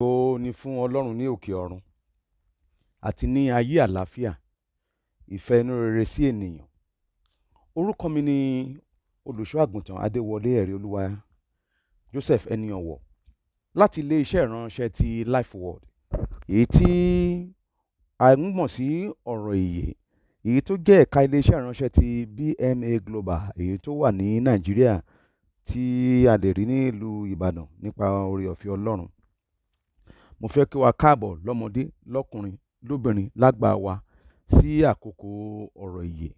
Ògo ni fún Ọlọ́run ní òkè ọ̀run àti ní ayé àlàáfíà ìfẹ́ inú rere sí ènìyàn orúkọ mi ni olùṣọ́ àgùntàn Adéwọlé ẹ̀rí olúwa Joseph ẹni ọ̀wọ̀ láti ilé iṣẹ́ ìránṣẹ́ ti Life Word èyí tí a ń mọ̀ sí ọ̀rọ̀ ìyè èyí tó jẹ́ ẹ̀ka ilé iṣẹ́ ìránṣẹ́ ti BMA Global èyí tó wà ní Nàìjíríà tí a lè rí ní ìlú Ìbàdàn nípa oore ọ̀fẹ́ Ọlọ́run mo fẹ́ kí wa káàbọ̀ lọ́mọdé lọ́kùnrin lóbìnrin lágbà wa sí àkókò ọ̀rọ̀ ìyè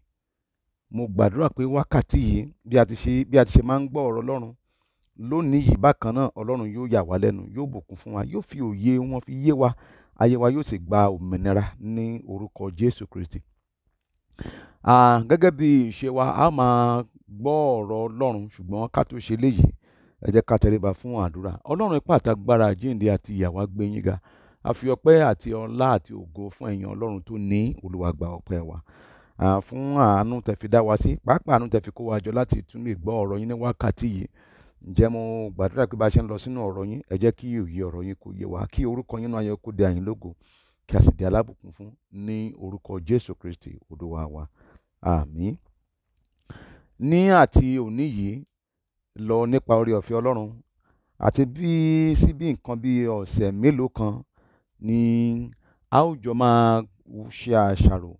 mo gbàdúrà pé wákàtí yìí bí a ti ṣe bí a ti ṣe máa ń gbọ́ ọ̀rọ̀ ọlọ́run lónìí yìí bákan náà ọlọ́run yóò yà wá lẹ́nu yóò bùkún fún wa yóò fi òye wọn fi yé wa ayé wa yóò sì gba òmìnira ní orúkọ jésù kristi gẹ́gẹ́ bí ìṣe wa a máa gbọ́ ọ̀rọ̀ ọlọ́run ṣùgbọ́n ká tó ṣe léyìí ẹ jẹ́ ká tẹríba fún àdúrà ọlọ́run ipá àtagbára jíǹde àti ìyàwó gbé yín ga a fi ọpẹ́ àti ọlá àti ògo fún ẹ̀yin ọlọ́run tó ní olúwa gba ọpẹ́ wa fún àánú tẹ́ fi dá wa sí pàápàá àánú tẹ́ fi kó wa jọ láti tún lè gbọ́ ọ̀rọ̀ yín ní wákàtí yìí ǹjẹ́ mo gbàdúrà pé bá a ṣe ń lọ sínú ọ̀rọ̀ yín ẹ jẹ́ kí òye ọ̀rọ̀ yín kó yé wa kí orúkọ yín náà yẹ kó de àyín lógo kí a sì di alábùkún fún ní orúkọ jésù kristi olúwa wa àmín ní àti òní yìí lọ nípa oore-ọ̀fẹ́ ọlọ́run àti bí sí bí nǹkan bí ọ̀sẹ̀ mélòó kan ni a ó jọ máa ṣe àṣàrò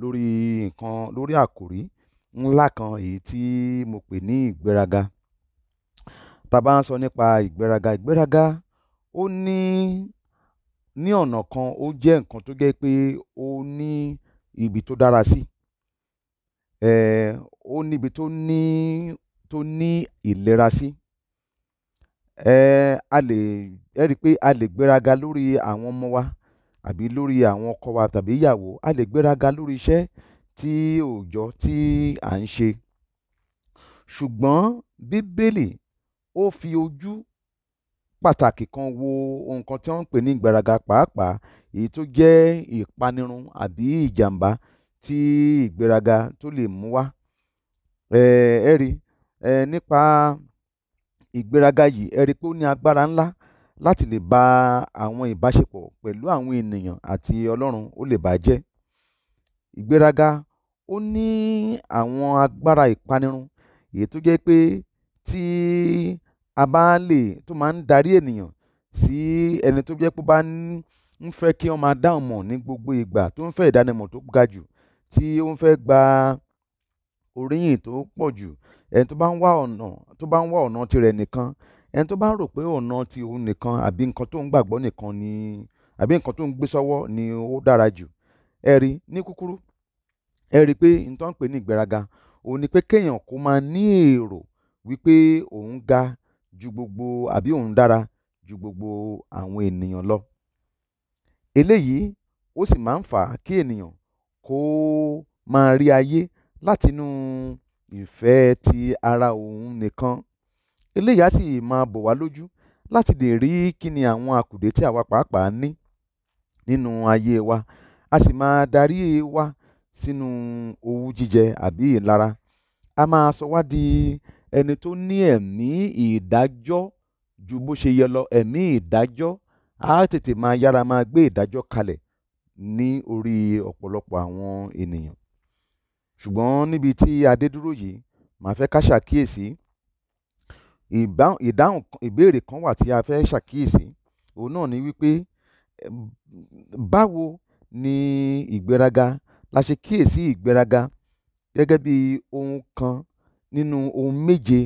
lórí nǹkan lórí àkòrí ńlá kan èyí tí mo pè ní ìgbéraga tá a bá ń sọ nípa ìgbéraga ìgbéraga ó ní ní ọ̀nà kan ó jẹ́ nǹkan tó jẹ́ pé ó ní ibi tó dára sí ó níbi tó ní tó ní ìlera sí um a lè ẹ rí i pé a lè gbéraga lórí àwọn ọmọ wa àbí lórí àwọn ọkọ wa tàbí ìyàwó a lè gbéraga lórí iṣẹ́ tí òòjọ́ tí à ń ṣe ṣùgbọ́n bíbélì ó fi ojú pàtàkì kan wo nǹkan tí wọ́n ń pè ní ìgbéraga pàápàá èyí tó jẹ́ ìpanirun àbí ìjàmbá tí ìgbéraga tó lè mú wá ẹ rí i um nípa ìgbéraga yìí ẹ ri pé ó ní agbára ńlá láti lè ba àwọn ìbáṣepọ̀ pẹ̀lú àwọn ènìyàn àti Ọlọ́run ó lè bà á jẹ́. Ìgbéraga ó ní àwọn agbára ìpanirun èyí tó jẹ́ pé tí a bá lè tó máa ń darí ènìyàn sí ẹni tó jẹ́ pé ó bá ń fẹ́ kí wọ́n máa dá mọ̀ ní gbogbo ìgbà tó ń fẹ́ ìdánimọ̀ tó ga jù tí ó ń fẹ́ gba oríyìn tó pọ̀ jù ẹni tó bá ń wá ọ̀nà tó bá ń wá ọ̀nà tirẹ̀ nìkan ẹni tó bá rò pé ọ̀nà ti òun nìkan àbí nǹkan tó ń gbàgbọ́ nìkan ni àbí nǹkan tó ń gbé sọ́wọ́ ni ó dára jù ẹ rí ní kúkúrú ẹ rí pé n tó ń pè ní ìgbéraga òun ni pé kéèyàn kó máa ní èrò wípé òun ga ju gbogbo àbí òun dára ju gbogbo àwọn ènìyàn lọ eléyìí ó sì máa ń fà á kí ènìyàn kó máa rí ayé látinú ìfẹ́ ti ara òun nìkan eléyìí á sì máa bọ̀ wá lójú láti lè rí kí ni àwọn àkùdé tí àwa pàápàá ní nínú ayé wa a sì máa darí wa sínú owú jíjẹ àbí ìlara a máa sọ wá di ẹni tó ní ẹ̀mí ìdájọ́ ju bó ṣe yẹ lọ ẹ̀mí ìdájọ́ a tètè máa yára máa gbé ìdájọ́ kalẹ̀ ní orí ọ̀pọ̀lọpọ̀ àwọn ènìyàn ṣùgbọ́n níbi tí adé dúró yìí màá fẹ́ ká ṣàkíyèsí ìdáhùn ìbéèrè kan wà tí a fẹ́ ṣàkíyèsí òun náà ni wípé báwo ni ìgbéraga la ṣe kíyèsí ìgbéraga gẹ́gẹ́ bí ohun kan nínú ohun méje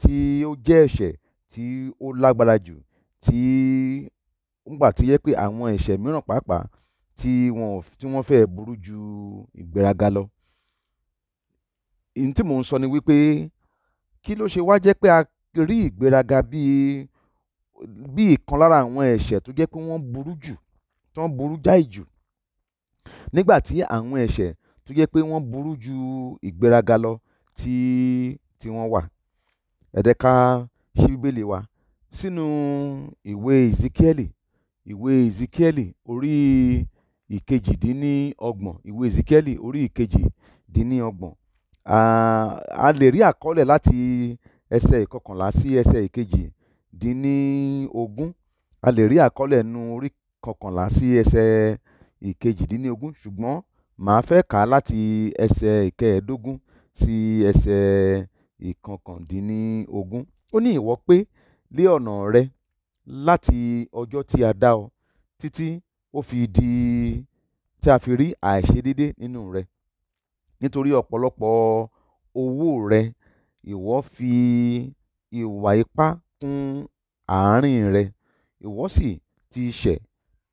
tí ó jẹ́ ẹ̀ṣẹ̀ tí ó lágbára jù tí ńgbà tí yẹ pé àwọn ẹ̀ṣẹ̀ mìíràn pàápàá tí wọ́n fẹ́ burú ju ìgbéraga lọ n tí mò ń sọ ni wípé kí ló ṣe wá jẹ́ pé a rí ìgbéraga bíi bíi ìkan lára àwọn ẹ̀ṣẹ̀ tó jẹ́ pé wọ́n burú jù tí wọ́n burú jáì jù nígbà tí àwọn ẹ̀ṣẹ̀ tó jẹ́ pé wọ́n burú ju ìgbéraga lọ tí tí wọ́n wà ẹ ṣí bíbélì wa sínú ìwé Ezekiẹ́lì ìwé Ezekiẹ́lì orí ìkejìdínníọgbọ̀n ìwé Ezekiẹ́lì orí ìkejìdínníọgbọ̀n a lè rí àkọọ́lẹ̀ láti ẹsẹ̀ ìkọkànlá sí ẹsẹ̀ ìkejì-dín-ní-ogún a lè rí àkọọ́lẹ̀ nínú orí kọkànlá sí ẹsẹ̀ ìkejì-dín-ní-ogún ṣùgbọ́n màá fẹ́ kà á láti ẹsẹ̀ ìkẹẹ̀ẹ́dógún sí ẹsẹ̀ ìkọkàndínní-ogún ó ní ìwọ pé lé ọ̀nà rẹ láti ọjọ́ tí a dá ọ títí ó fi di tí a fi rí àìṣedéédé nínú rẹ nítorí ọ̀pọ̀lọpọ̀ owó rẹ ìwọ fi ìwà ipá kún àárín rẹ ìwọ sì ti ṣẹ̀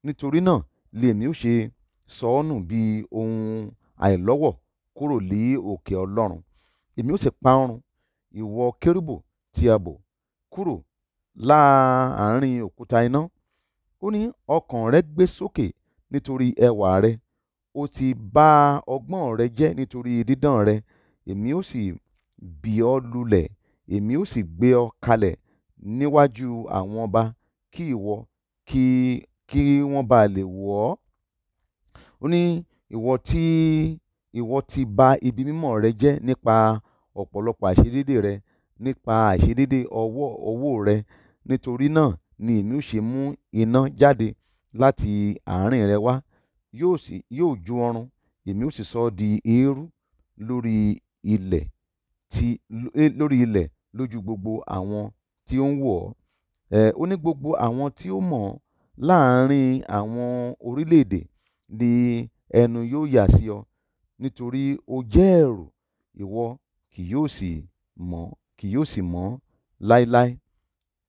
nítorí náà lèmi ó ṣe sọ ọ́ nù bí ohun àìlọ́wọ̀ kúrò lé òkè ọlọ́run èmi ó sì pa ọrùn ìwọ kérúbù tí a bò kúrò láàárín òkúta iná ó ní ọkàn rẹ gbé sókè nítorí ẹwà rẹ ó ti ba ọgbọ́n rẹ jẹ́ nítorí dídán rẹ èmi ó sì bì ọ́ lulẹ̀ èmi ó sì gbé ọ kalẹ̀ níwájú àwọn ọba kí ìwọ kí wọ́n bá lè wò ọ́ ó ní ìwọ tí ìwọ ti ba ibi mímọ́ rẹ jẹ́ nípa ọ̀pọ̀lọpọ̀ àìṣedédé rẹ nípa àìṣedédé ọwọ́ ọwọ́ rẹ nítorí náà ni èmi ó ṣe mú iná jáde láti àárín rẹ wá yóò jó ọrùn èmi ó sì sọ ọ́ di eérú lórí ilẹ̀ lórí ilẹ̀ lójú gbogbo àwọn tí ó ń wò ọ́ eh, ó ní gbogbo àwọn tí ó mọ̀ láàárín àwọn orílẹ̀-èdè ni ẹnu yóò yà sí ọ nítorí o jẹ́ ẹ̀rù ìwọ kì yóò sì mọ̀ kì yóò sì mọ̀ láéláé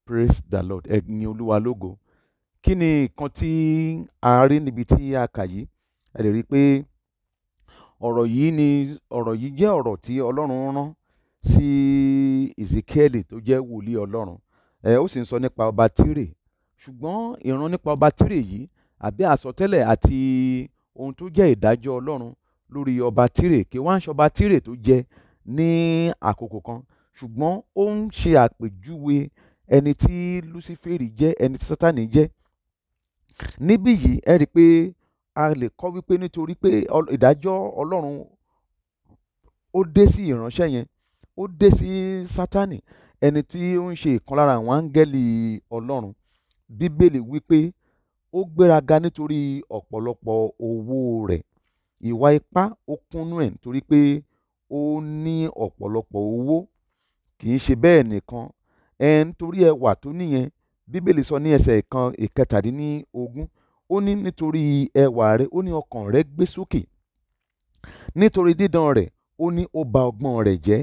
praise the lord ẹ ní olúwa lógo Kí ni nǹkan tí a rí níbi tí a kà yìí? Ẹ lè rí i pé ọ̀rọ̀ yìí ni ọ̀rọ̀ yìí jẹ́ ọ̀rọ̀ tí Ọlọ́run rán sí Ezekiel tó jẹ́ wòlíì Ọlọ́run. um Ó sì ń sọ nípa ọba Tírè. Ṣùgbọ́n ìran nípa ọba Tírè yìí àbí àsọtẹ́lẹ̀ àti ohun tó jẹ́ ìdájọ́ Ọlọ́run lórí ọba Tírè kì í wá ṣe ọba Tírè tó jẹ ní àkókò kan ṣùgbọ́n ó ń ṣe àpèjúwe ẹni tí Lúsíférì jẹ́ ẹni tí Sátánì jẹ́ Níbí yìí ẹ rí i pé a lè kọ́ wípé nítorí pé ìdájọ́ Ọlọ́run ó dé sí ìránṣẹ́ yẹn, ó dé sí Sátánì ẹni tí ó ń ṣe ìkan lára àwọn áńgẹ́lì Ọlọ́run. Bíbélì wí pé ó gbéraga nítorí ọ̀pọ̀lọpọ̀ owó rẹ̀. Ìwà ipá ó kúnnú ẹ̀ nítorí pé ó ní ọ̀pọ̀lọpọ̀ owó. Kì í ṣe bẹ́ẹ̀ nìkan, um nítorí ẹwà tó ní bíbélì sọ ní ẹsẹ̀ kan ìkẹtàdínlógún ó ní nítorí ẹwà rẹ ó ní ọkàn rẹ gbé sókè nítorí dídán rẹ ó ní ó ba ọgbọ́n rẹ jẹ́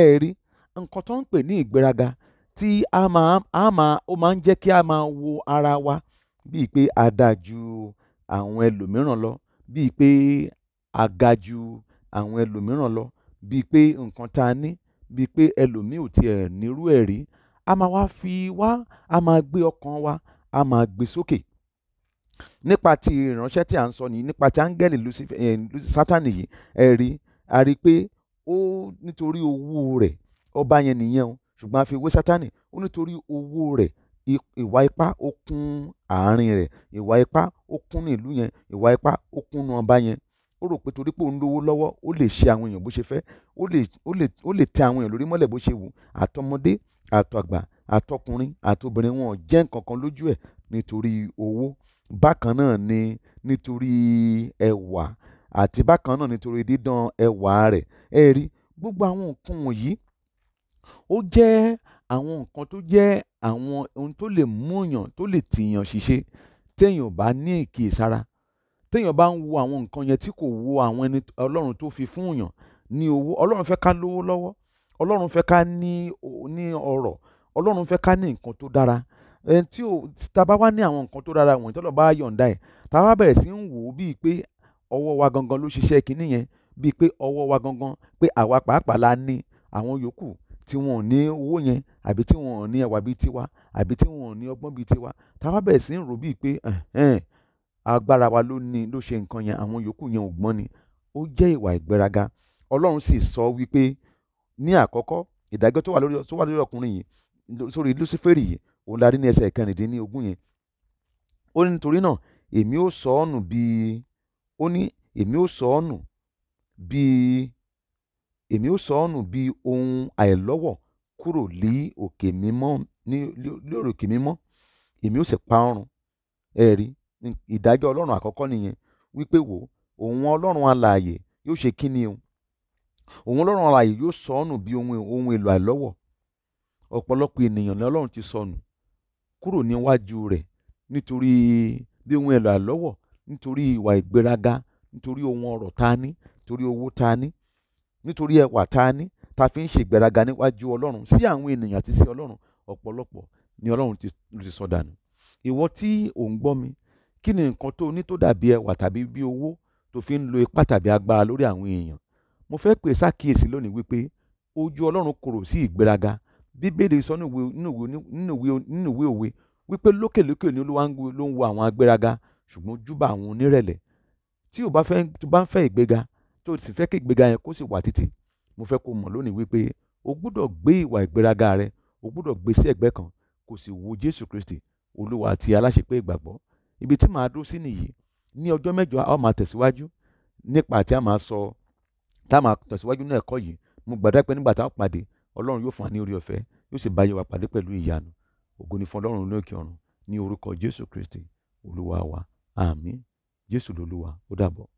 ẹ rí nǹkan tó ń pè ní ìgbéraga tí ó máa ń jẹ́ kí a máa wo ara wa bíi pé a dáa ju àwọn ẹlòmíràn lọ bíi pé a ga ju àwọn ẹlòmíràn lọ bíi pé nǹkan tá a ní bíi pé ẹlòmíì ò tiẹ̀ nírú ẹ̀ rí a máa wá fi wá a máa gbé ọkàn wa a máa gbé sókè nípa ti ìránṣẹ́ tí a ń sọ nìyí nípa ti áńgẹ́lì sátani yìí ẹ rí a rí i pé ó nítorí owó rẹ̀ ọba yẹn nìyẹn o ṣùgbọ́n a fi wé sátani ó nítorí owó rẹ̀ ìwà ipá ó kún àárín rẹ̀ ìwà ipá ó kún ní ìlú yẹn ìwà ipá ó kún ní ọba yẹn ó rò pé torí pé òun lówó lọ́wọ́ ó lè ṣe àwọn èèyàn bó ṣe fẹ́ ó lè tẹ àwọn èèyàn lórí mọ́lẹ̀ bó ṣe wù àtọmọdé àtàgbà àtọkùnrin àtobìnrin wọn jẹ́ nǹkan kan lójú ẹ̀ nítorí owó bákan náà ni nítorí ẹwà àti bákan náà nítorí dídán ẹwà rẹ̀ ẹ rí gbogbo àwọn nǹkan wọ̀nyí ó jẹ́ àwọn nǹkan tó jẹ́ àwọn ohun tó lè múyàn tó lè tìyàn ṣiṣẹ́ téèyàn bá ní ìkíyèsára téèyàn bá ń wo àwọn nǹkan yẹn tí kò wo àwọn ọlọ́run tó fi fún yàn ní owó ọlọ́run fẹ́ ká lówó lọ́wọ́ ọlọ́run fẹ́ ká ní ní ọrọ̀ ọlọ́run fẹ́ ká ní nǹkan tó dára ẹni tí o ta bá wá ní àwọn nǹkan tó dára wọ̀nyí tọ́lọ̀ bá yọ̀ǹda ẹ̀ ta bá bẹ̀rẹ̀ sí ń wò ó bíi pé ọwọ́ wa gangan ló ṣiṣẹ́ kinní yẹn bíi pé ọwọ́ wa gangan pé àwa pàápàá la ní àwọn yòókù tí wọn ò ní owó yẹn àbí tí wọn ò ní ẹwà bíi tiwa àbí tí wọn ò ní ọgbọ́n bíi tiwa ta bẹ̀rẹ̀ sí ń rò bíi pé agbára wa ló ní ló ṣe nǹkan yẹn àwọn yòókù yẹn ò gbọ́n ni ó jẹ́ ìwà ìgbéraga ọlọ́run sì sọ wípé ní àkọ́kọ́ ìdájọ́ tó wà lórí tó wà lórí ọkùnrin yìí sórí Lúsíférì yìí òun la rí ní ẹsẹ̀ kẹrìndínlógún yẹn ó ní nítorí náà èmi ó sọ ọ́ nù bíi ó ní èmi ó sọ ọ́ nù bíi èmi ó sọ ọ́ nù bíi ohun àìlọ́wọ̀ kúrò lé òkè mímọ́ ní òkè mímọ́ èmi ó sì pa ọrùn ẹ ìdájọ́ ọlọ́run àkọ́kọ́ nìyẹn wípé wò òun ọlọ́run alààyè yóò ṣe kí ni o òun lọ́rùn alààyè yóò sọ ọ́ nù bí ohun èlò àìlọ́wọ̀ ọ̀pọ̀lọpọ̀ ènìyàn ní ọlọ́run ti sọnù kúrò níwájú rẹ̀ nítorí bí ohun èlò àìlọ́wọ̀ nítorí ìwà ìgbéraga nítorí ohun ọrọ̀ ta ni nítorí owó ta ní nítorí ẹwà ta ní ta fi ń ṣègbéraga níwájú ọlọ́run sí àwọn ènìyàn àti sí ọlọ́run ọ̀pọ̀lọpọ̀ ni ọlọ́run ti sọ dànù ìwọ tí ò ń gbọ́ mi kí ni nǹkan tó ní tó dàbí ẹwà tàbí bí owó tó fi ń lo ipá tàbí agbára lórí àwọn èèyàn mo fẹ́ pè sákìyèsí lónìí wípé ojú ọlọ́run korò sí ìgbéraga bíbélì sọ nínú ìwé òwe wípé lókèlókè ni olúwa ló ń wo àwọn agbéraga ṣùgbọ́n júbà àwọn onírẹ̀lẹ̀ tí o bá fẹ́ tó bá ń fẹ́ ìgbéga tó sì fẹ́ kí ìgbéga yẹn kó sì wà títí mo fẹ́ kó mọ̀ lónìí wípé o gbúdọ̀ gbé ìwà ìgbéraga rẹ o gbúdọ̀ gbé sí ẹ̀gbẹ́ kan kò sì wo jésù kristi olúwa àti aláṣepé ìgbàgbọ́ ibi tí màá dúró sí nìyí ní ọjọ́ mẹ́jọ a máa tẹ̀síwájú nípa àti a máa sọ tá a máa tẹ̀síwájú ní ẹ̀kọ́ yìí mo gbàdúrà pé nígbà tá a pàdé ọlọ́run yóò fún wa ní orí ọ̀fẹ́ yóò sì bá yẹ wa pàdé pẹ̀lú ìyanu ògo ni fún ọlọ́run lókè ọ̀run ní orúkọ jésù kristi olúwa wa àmín jésù lolúwa ó dàbọ̀